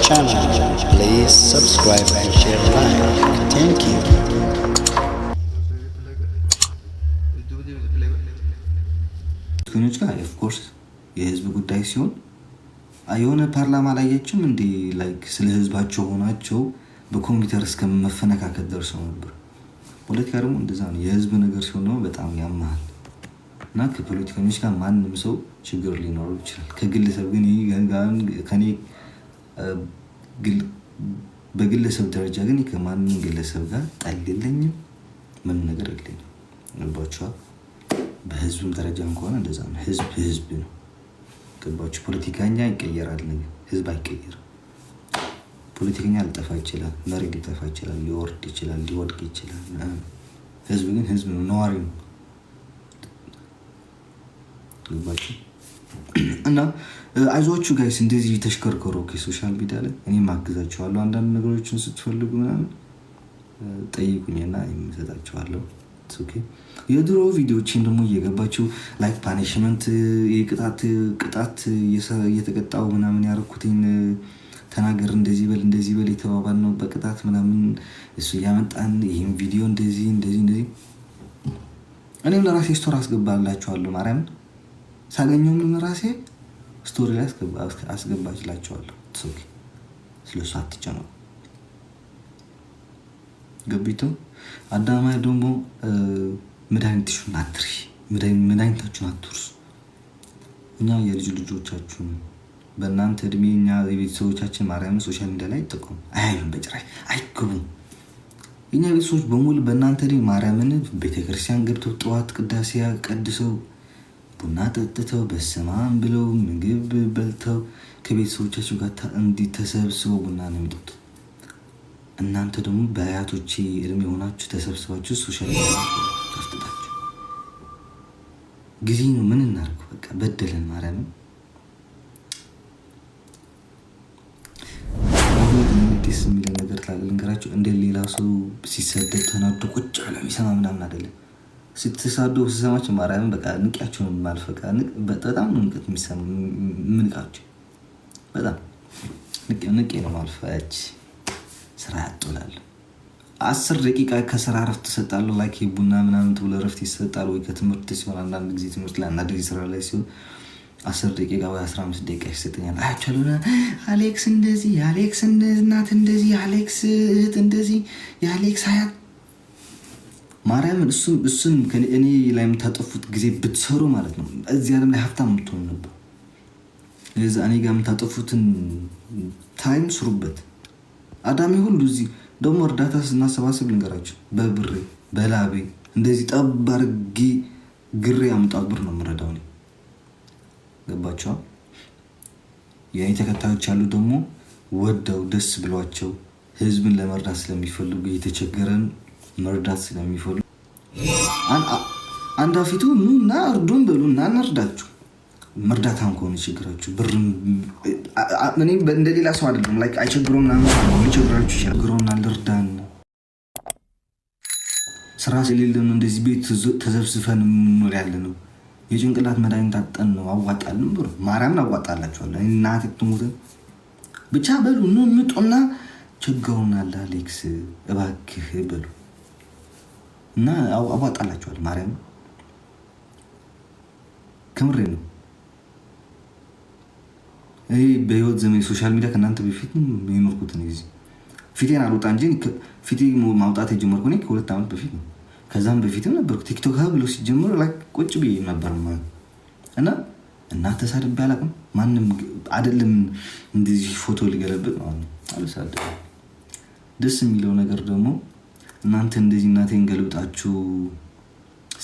channel. Please subscribe and share like. Thank you. ኞች ጋር ኦፍኮርስ የህዝብ ጉዳይ ሲሆን የሆነ ፓርላማ ላያችም እንዲ ላይክ ስለ ህዝባቸው ሆናቸው በኮምፒውተር መፈነካከት ደርሰው ነበር። ፖለቲካ ደግሞ እንደዛ ነው። የህዝብ ነገር ሲሆን ደግሞ በጣም ያመሃል እና ከፖለቲከኞች ጋር ማንም ሰው ችግር ሊኖረው ይችላል። ከግለሰብ ግን ከኔ በግለሰብ ደረጃ ግን ከማንም ግለሰብ ጋር ጠል የለኝም፣ ምንም ነገር የለኝም። ገባችኋል? በህዝብም ደረጃ ከሆነ እንደዛ ነው። ህዝብ ህዝብ ነው። ገባችሁ? ፖለቲከኛ ይቀየራል፣ ህዝብ አይቀየርም። ፖለቲከኛ ሊጠፋ ይችላል፣ መሪ ሊጠፋ ይችላል፣ ሊወርድ ይችላል፣ ሊወድቅ ይችላል። ህዝብ ግን ህዝብ ነው፣ ነዋሪ ነው። ገባችሁ? እና አይዞቹ ጋይስ እንደዚህ ተሽከርከሮ ሶሻል ሚዲያ ላይ እኔም አግዛችኋለሁ። አንዳንድ ነገሮችን ስትፈልጉ ምናምን ጠይቁኝና የምሰጣችኋለሁ። የድሮ ቪዲዮችን ደግሞ እየገባችሁ ላይክ ፓኒሽመንት የቅጣት ቅጣት እየተቀጣው ምናምን ያደረኩትኝ ተናገር እንደዚህ በል እንደዚህ በል የተባባል ነው በቅጣት ምናምን እሱ እያመጣን ይህም ቪዲዮ እንደዚህ እንደዚህ እንደዚህ እኔም ለራሴ ስቶር አስገባላችኋለሁ ማርያምን ሳገኘው ምን ራሴ ስቶሪ ላይ አስገባችላቸዋለሁ። ትሶኪ ስለ እሱ አትጨነቁ። ገቢቱ አዳማ ደግሞ መድኃኒትሽን አትርሺ፣ መድኃኒታችሁን አትርሱ። እኛ የልጅ ልጆቻችሁን በእናንተ እድሜ እኛ የቤተሰቦቻችን ማርያም ሶሻል ሚዲያ ላይ ጥቁም አያዩም፣ በጭራሽ አይገቡም። እኛ ቤተሰቦች በሙሉ በእናንተ እድሜ ማርያምን ቤተክርስቲያን ገብተው ጠዋት ቅዳሴ ቀድሰው ቡና ጠጥተው በስማም ብለው ምግብ በልተው ከቤተሰቦቻቸው ጋር እንዲህ ተሰብስበው ቡና ነው የሚጠጡት። እናንተ ደግሞ በአያቶች እድሜ የሆናችሁ ተሰብስባችሁ ሶሻል ከፍትታችሁ ጊዜ ነው። ምን እናርገ በቃ በደለን ማርያምን ደስ የሚለ ነገር ልንገራችሁ። እንደ ሌላ ሰው ሲሰደድ ተናዶ ቁጭ ብለው የሚሰማ ምናምን አይደለም። ስትሳደቡ ስሰማች ማርያምን በቃ ንቅያቸው ማልፈቃ በጣም ነው ንቀት ምንቃቸው በጣም ንቄ ነው ማልፈች ስራ ያጦላል። አስር ደቂቃ ከስራ ረፍት ትሰጣሉ ላይ ቡና ምናምን ተብሎ ረፍት ይሰጣል ወይ ከትምህርት ሲሆን አንዳንድ ጊዜ ትምህርት ላይ አንዳንድ ጊዜ ስራ ላይ ሲሆን አስር ደቂቃ ወይ አስራ አምስት ደቂቃ ይሰጠኛል። አያቸሉ አሌክስ እንደዚህ፣ የአሌክስ እናት እንደዚህ፣ የአሌክስ እህት እንደዚህ፣ የአሌክስ አያት ማርያምን እሱም እሱም እኔ ላይ የምታጠፉት ጊዜ ብትሰሩ ማለት ነው እዚህ ዓለም ላይ ሀብታም የምትሆኑ ነበር። ስለዚ እኔ ጋር የምታጠፉትን ታይም ስሩበት። አዳሚ ሁሉ እዚህ ደግሞ እርዳታ ስናሰባሰብ ልንገራቸው፣ በብሬ በላቤ እንደዚህ ጠብ አድርጌ ግሬ አምጣት ብር ነው የምረዳው እኔ። ገባቸዋል። የእኔ ተከታዮች ያሉ ደግሞ ወደው ደስ ብሏቸው ህዝብን ለመርዳት ስለሚፈልጉ የተቸገረን መርዳት ስለሚፈልጉ አንዳፊቱ ኑ እና እርዱን በሉ እና እንርዳችሁ። መርዳታም ከሆነ ችግራችሁ ብር እኔ እንደሌላ ሰው አይደለም። ላይ አይቸግሮና ችግራችሁ ችግሮና ልርዳን ስራ ስለሌለን እንደዚህ ቤት ተዘብስፈን ምኖር ያለ ነው። የጭንቅላት መድኃኒት አጠን ነው አዋጣልን ብሩ ማርያምን አዋጣላችኋለሁ እናት ትሙት ብቻ በሉ ኑ ምጡና ችግሩን አለ አሌክስ እባክህ በሉ እና አዋጣላችኋል። ማርያም ከምሬ ነው። ይህ በህይወት ዘመን ሶሻል ሚዲያ ከእናንተ በፊት ነው። ጊዜ ፊቴን አልወጣ እንጂ ፊቴ ማውጣት የጀመርኩ እኔ ከሁለት ዓመት በፊት ነው። ከዛም በፊትም ነበርኩ ቲክቶክ ሀ ብሎ ሲጀምር ላይ ቁጭ ብዬ ነበር እና እና ተሳድቤ አላውቅም። ማንም አይደለም እንደዚህ ፎቶ ሊገለብጥ ነው። አልሳደብም። ደስ የሚለው ነገር ደግሞ እናንተ እንደዚህ እናቴን ገልብጣችሁ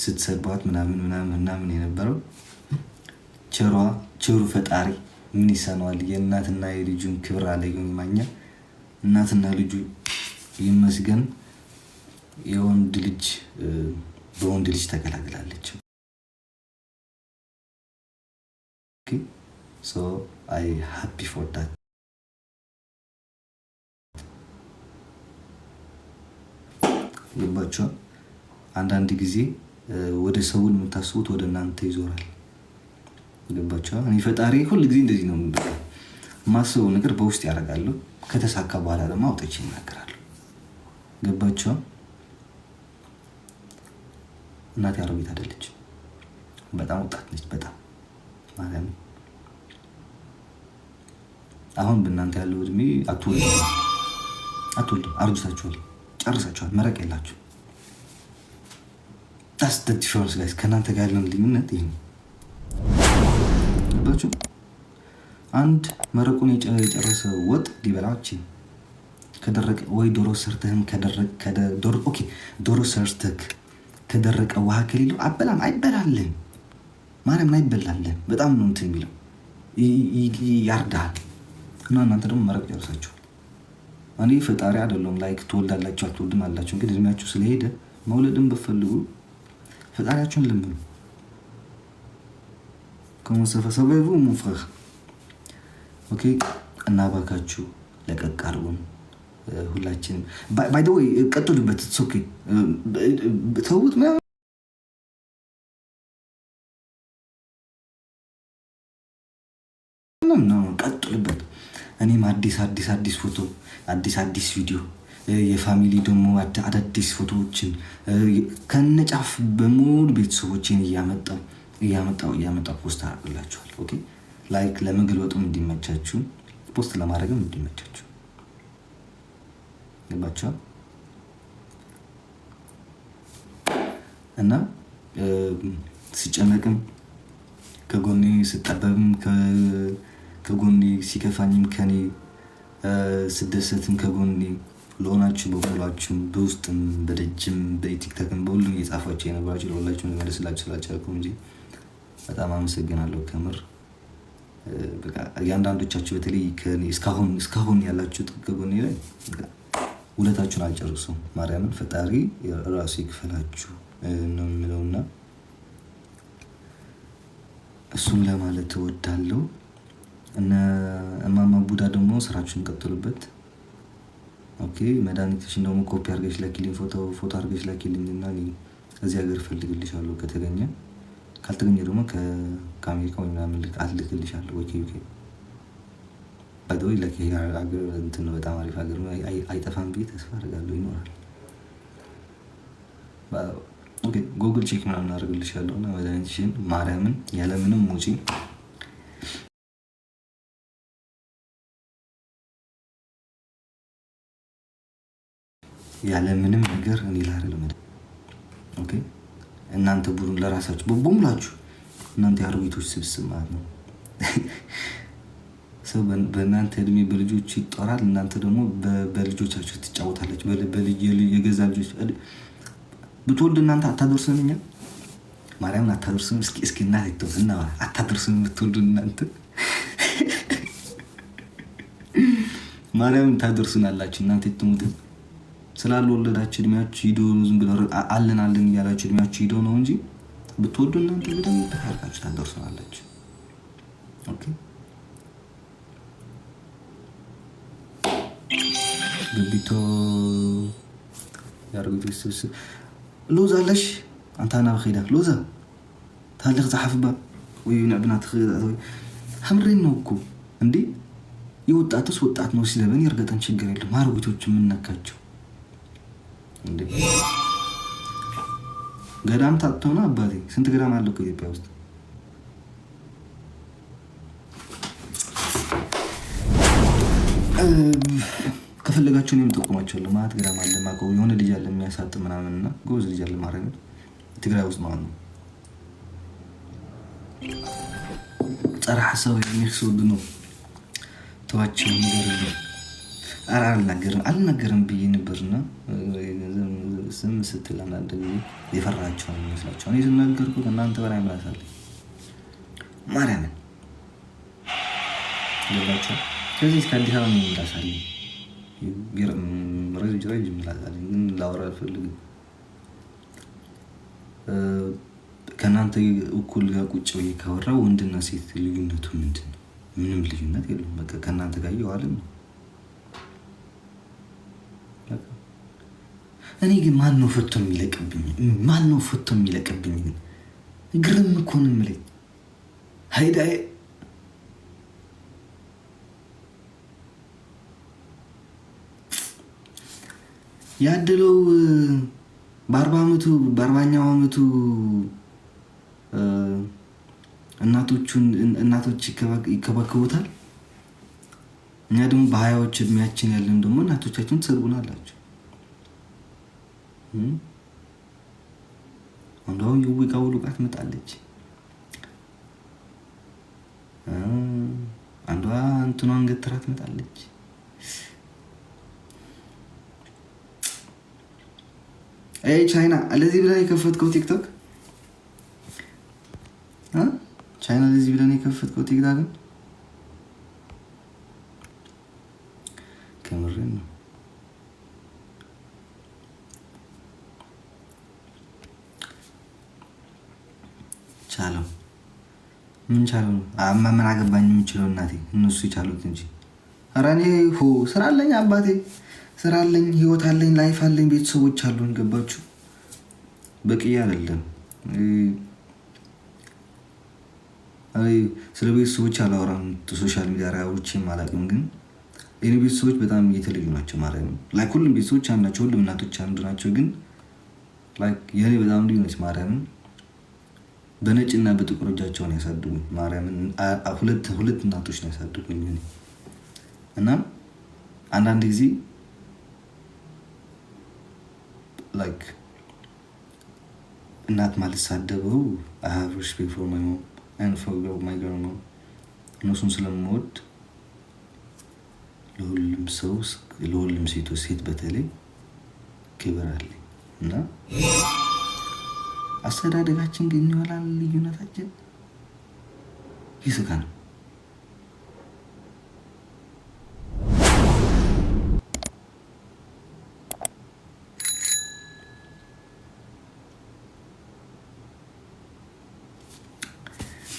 ስትሰድቧት ምናምን ምናምን ምናምን የነበረው ቸሯ ቸሩ ፈጣሪ ምን ይሰነዋል? የእናትና የልጁን ክብር አለየው ማኛ እናትና ልጁ ይመስገን የወንድ ልጅ በወንድ ልጅ ተገላግላለች። ሶ አይ ሃፒ ፎር ዳት ይባቸዋል። አንዳንድ ጊዜ ወደ ሰውን የምታስቡት ወደ እናንተ ይዞራል። ገባቸዋል። እኔ ፈጣሪ ሁል ጊዜ እንደዚህ ነው የማስበው ነገር በውስጥ ያደርጋለሁ። ከተሳካ በኋላ ደግሞ አውጥቼ ይናገራሉ። ገባቸዋል። እናቴ አሮጊት አይደለች፣ በጣም ወጣት ነች። በጣም ማለት አሁን በእናንተ ያለው እድሜ አትወልድም፣ አትወልድም። አርጅታችኋል። ጨርሳችኋል። መረቅ የላችሁ ስደት ሾርስ ጋይስ ከእናንተ ጋር ያለን ልዩነት ይህ ነው። አንድ መረቁን የጨረሰ ወጥ ሊበላች ከደረቀ ወይ ዶሮ ሰርተህም ኦኬ፣ ዶሮ ሰርተህ ከደረቀ ውሃ ከሌለው አበላም አይበላለን። ማርያምን አይበላለን። በጣም ነው እንትን የሚለው ያርዳሃል። እና እናንተ ደግሞ መረቅ ጨርሳችሁ እኔ ፈጣሪ አይደለሁም። ላይክ ትወልዳላችሁ አትወልድም አላችሁ። እንግዲህ እድሜያችሁ ስለሄደ መውለድም ብትፈልጉ ፈጣሪያችሁን ልምኑ። ከመሰፈሰበቡ ሙፍረህ ኦኬ። እና እባካችሁ ለቀቅ አድርጉን። eh, ሁላችንም ባይ ዘ ወይ ቀጥሉበት። ኦኬ eh, ተውት ቀጥሉበት። እኔም አዲስ አዲስ አዲስ ፎቶ አዲስ አዲስ ቪዲዮ የፋሚሊ ደግሞ አዳዲስ ፎቶዎችን ከነጫፍ በሙሉ ቤተሰቦችን እያመጣው እያመጣው እያመጣው ፖስት አደርግላችኋል። ኦኬ ላይክ ለመገልበጡም እንዲመቻችሁ ፖስት ለማድረግም እንዲመቻችሁ ገባችኋል። እና ስጨነቅም ከጎኔ ስጠበብም ከጎኔ ሲከፋኝም ከኔ ስደሰትም ከጎኔ ለሆናችሁ በሁላችሁም በውስጥም በደጅም በቲክታክም በሁሉም የጻፋችሁ የነበራችሁ ለሁላችሁ ልመልስላችሁ ስላቻልኩ እንጂ በጣም አመሰግናለሁ። ከምር የአንዳንዶቻችሁ በተለይ እስካሁን እስካሁን ያላችሁ ላይ ውለታችሁን አልጨርሱም። ማርያምን ፈጣሪ ራሱ ይክፈላችሁ ነው የምለውና እሱን ለማለት እወዳለሁ። እማማ ቡዳ ደግሞ ስራችሁን ቀጥሉበት። ኦኬ መድኃኒትሽን ደግሞ ኮፒ አድርገሽ ላኪልኝ፣ ፎቶ ፎቶ አድርገሽ ላኪልኝ እና እዚህ ሀገር እፈልግልሻለሁ ከተገኘ፣ ካልተገኘ ደግሞ ከአሜሪካ ወይ ምናምን አትልክልሻለሁ ወይ ከዩኬ ባይዘወይ ለኪ ሀገር እንትን ነው በጣም አሪፍ ሀገር ነው፣ አይጠፋም ብዬ ተስፋ አድርጋለሁ ይኖራል። ኦኬ ጉግል ቼክ ምናምን አድርግልሻለሁ እና መድኃኒትሽን ማርያምን ያለምንም ወጪ ያለ ምንም ነገር እኔ ላር ኦኬ። እናንተ ቡድን ለራሳችሁ በሙላችሁ እናንተ የአርቢቶች ስብስብ ማለት ነው። ሰው በእናንተ እድሜ በልጆች ይጠራል፣ እናንተ ደግሞ በልጆቻችሁ ትጫወታለች። የገዛ ልጆች ብትወልድ እናንተ አታደርስንም፣ እኛ ማርያምን አታደርስንም። እስኪ እስኪ እና እና አታደርስንም ብትወልድ እናንተ ማርያምን ታደርሱናላችሁ እናንተ ትሙትን ስላልወለዳችሁ እድሜያችሁ ሂዶ ዝም ብለው አለን አለን እያላችሁ እድሜያችሁ ሂዶ ነው እንጂ ብትወዱ እናንተ በደንብ ተካልካችሁ ታደርሱናላችሁ። ኦኬ ግቢቶ ያርጉት ስብስብ ሎዛ ኣለሽ ኣንታ ናብ ከይዳ ሎዛ ታለክ ዝሓፍባ ወይ ንዕብና ትክእዛወይ ሓምሬን ነው እኮ እንዴ የወጣትስ ወጣት ነው ሲለበን የርገጠን ችግር የለም። አርጉቶች የምነካቸው ገዳም ታጥተውና አባቴ ስንት ገዳም አለ እኮ ኢትዮጵያ ውስጥ። ከፈለጋችሁ እኔም ጠቁማቸዋለሁ። ማለት ገዳም አለ ማቀው የሆነ ልጅ አለ የሚያሳጥ ምናምን እና ጎበዝ ልጅ አለ ማረግ ትግራይ ውስጥ ማለት ነው። ጸረ ሐሳብ የሚክሰውድ ነው ተዋቸው ነገር ነው አልናገርም አልናገርም ብዬ ነበርና ዝም ስትል አንዳንድ ጊዜ የፈራቸው ነው የሚመስላቸው። እኔ ስናገርኩት እናንተ በላይ ምላሳለኝ ማርያምን ገባቸው። ስለዚህ እስከ አዲስ አበባ ነው ምላሳለኝ ረጅም ምላሳለኝ፣ ግን ላወራ አልፈልግም። ከእናንተ እኩል ጋር ቁጭ ብዬ ካወራ ወንድና ሴት ልዩነቱ ምንድን ነው? ምንም ልዩነት የለውም። በቃ ከእናንተ ጋር እየዋልን ነው እኔ ግን ማን ነው ፈቶ የሚለቅብኝ? ማን ነው ፈቶ የሚለቅብኝ? ግርም እኮ ነው የምለኝ። ሀይዳ ያደለው በአርባ ዓመቱ በአርባኛው ዓመቱ እናቶቹን እናቶች ይከባከቡታል። እኛ ደግሞ በሀያዎች እድሜያችን ያለን ደግሞ እናቶቻችን ትሰርቡናላችሁ። እንደው የዊጋው ሉቃት መጣለች። አንዷ እንትኗን ገትራ ትመጣለች። አይ ቻይና ለዚህ ብለን የከፈትከው ቲክቶክ ቻይና ለዚህ ብለን የከፈትከው ቲክቶክ ከምሬን ነው። ቻለው ምን ቻለው? ምን አገባኝ የምችለው እናቴ፣ እነሱ የቻሉት እንጂ። ኧረ እኔ ሆ ስራ አለኝ አባቴ፣ ስራ አለኝ፣ ህይወት አለኝ፣ ላይፍ አለኝ፣ ቤተሰቦች አሉን። ገባችሁ? በቂ አይደለም። ስለ ቤተሰቦች አላወራም፣ ሶሻል ሚዲያ ራዎች አላውቅም፣ ግን የኔ ቤተሰቦች በጣም እየተለዩ ናቸው ማለት ነው። ላይክ ሁሉም ቤተሰቦች አንድ ናቸው፣ ሁሉም እናቶች አንዱ ናቸው፣ ግን ላይክ የኔ በጣም ልዩ ነች ማርያምን በነጭና በጥቁር እጃቸውን ያሳድጉኝ። ማርያምን ሁለት ሁለት እናቶች ነው ያሳድጉኝ። እና አንዳንድ ጊዜ ላይክ እናት ማለት ሳደበው አሃሮች ፎር ማይ ሞም ፎር ማይ ገር ነው። እነሱን ስለምወድ ለሁሉም ሰው ለሁሉም ሴቶች ሴት በተለይ ክብር አለኝ እና አስተዳደጋችን ግን ይሆናል። ልዩነታችን ይስጋ ይስጋል።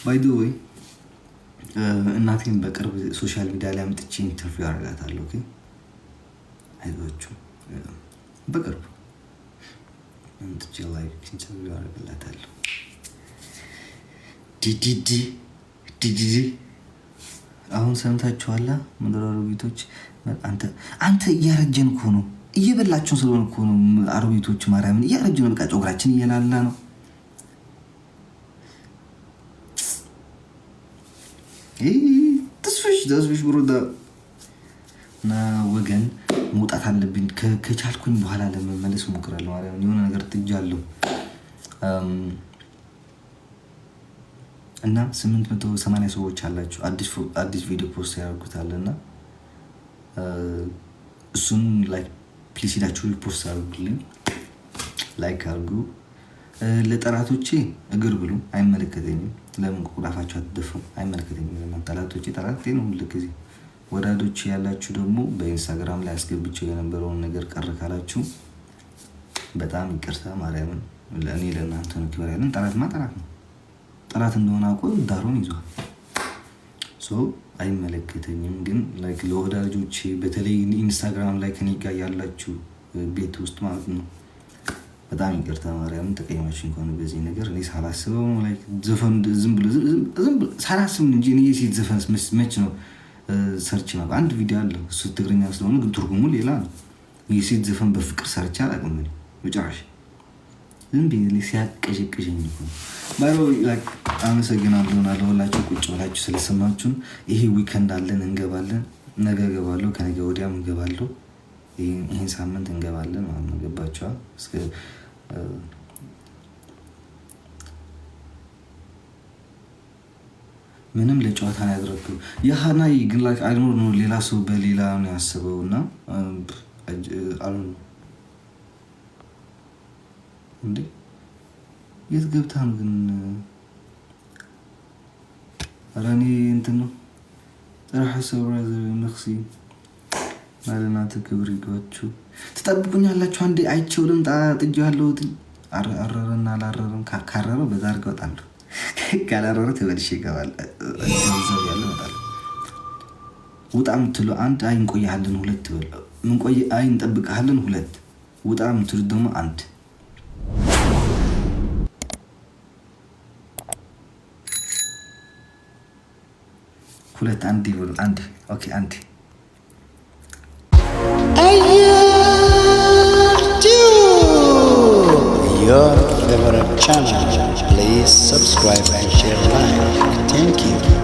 ባይዶ ወይ እናቴን በቅርብ ሶሻል ሚዲያ ላይ አምጥቼ ኢንተርቪው አደርጋታለሁ። አይዟችሁ uh, በቅርብ ምጥቼ ላይ ፒንችም ያደርግላታለሁ። ዲዲዲ ዲዲዲ አሁን ሰምታችኋላ? ምድር አሮጊቶች አንተ አንተ እያረጀን እኮ ነው፣ እየበላችሁን ስለሆነ እኮ ነው። አሮጊቶች ማርያምን እያረጀ ነው። በቃ ጨጉራችን እየላላ ነው። ተስፍሽ ተስፍሽ ብሮዳ እና ወገን መውጣት አለብኝ። ከቻልኩኝ በኋላ ለመመለስ እሞክራለሁ ማለት የሆነ ነገር ጥጃለሁ እና ስምንት መቶ ሰማንያ ሰዎች አላችሁ። አዲስ ቪዲዮ ፖስት ያደርጉታል እና እሱን ላይክ ፕሊስ ሄዳችሁ ፖስት አድርጉልኝ፣ ላይክ አድርጉ። ለጠላቶቼ እግር ብሉ፣ አይመለከተኝም። ለምን ቁራፋችሁ አትደፉም? አይመለከተኝም። ጠላቶቼ ጠላቴ ነው ሁል ጊዜ ወዳጆች ያላችሁ ደግሞ በኢንስታግራም ላይ አስገብቼው የነበረውን ነገር ቀር ካላችሁ በጣም ይቅርታ ማርያምን፣ ለእኔ ለእናንተ ነው ክብር ያለን። ጠላትና ጠላት ነው። ጠላት እንደሆነ አውቆ ዳሩን ይዟል። አይመለከተኝም። ግን ለወዳጆች በተለይ ኢንስታግራም ላይ ከኔ ጋር ያላችሁ ቤት ውስጥ ማለት ነው በጣም ይቅርታ ማርያምን፣ ተቀይማችሁ እንኳን በዚህ ነገር እኔ ሳላስበው ላይክ ዘፈን ዝም ብሎ ሳላስብ እንጂ እኔ የሴት ዘፈን መች ነው ሰርች ነው አንድ ቪዲዮ አለ። እሱ ትግርኛ ስለሆነ ግን ትርጉሙ ሌላ ነው። የሴት ዘፈን በፍቅር ሰርቻ አላውቅም። መጨረሻ ዝም ብዬ ሲያቀሸቅሸኝ ባሮ አመሰግናለሁ። አለሁላችሁ ቁጭ ብላችሁ ስለሰማችሁን። ይሄ ዊከንድ አለን እንገባለን። ነገ እገባለሁ፣ ከነገ ወዲያም እገባለሁ። ይህን ሳምንት እንገባለን ማለት ገባችኋል? ምንም ለጨዋታ አያደረግም። የሀናይ ግን ላይ አይኖር ነው ሌላ ሰው በሌላ ነው ያስበው እና አሉ እንዴ የት ገብታም ግን? ረኔ እንትን ነው ጥራሐ ሰብራ መክሲ ማለናት ክብር ይግባችሁ። ትጠብቁኛላችሁ። አንዴ አይቼው ልምጣ። ጥጃ ያለሁት አረረና አላረረም ካረረው በዛ አድርገው እወጣለሁ። ካላረሩ ተበልሽ ይገባል። ገንዘብ ያለ ይመጣል። ውጣ ምትሉ አንድ አይ እንቆያሃለን፣ ሁለት ምንቆይ አይ እንጠብቅሃለን፣ ሁለት ውጣ ምትሉ ደግሞ አንድ ሁለት አንድ ይበሉ። አንድ ኦኬ፣ አንድ አያችሁ channel. Please subscribe and share like. Thank you.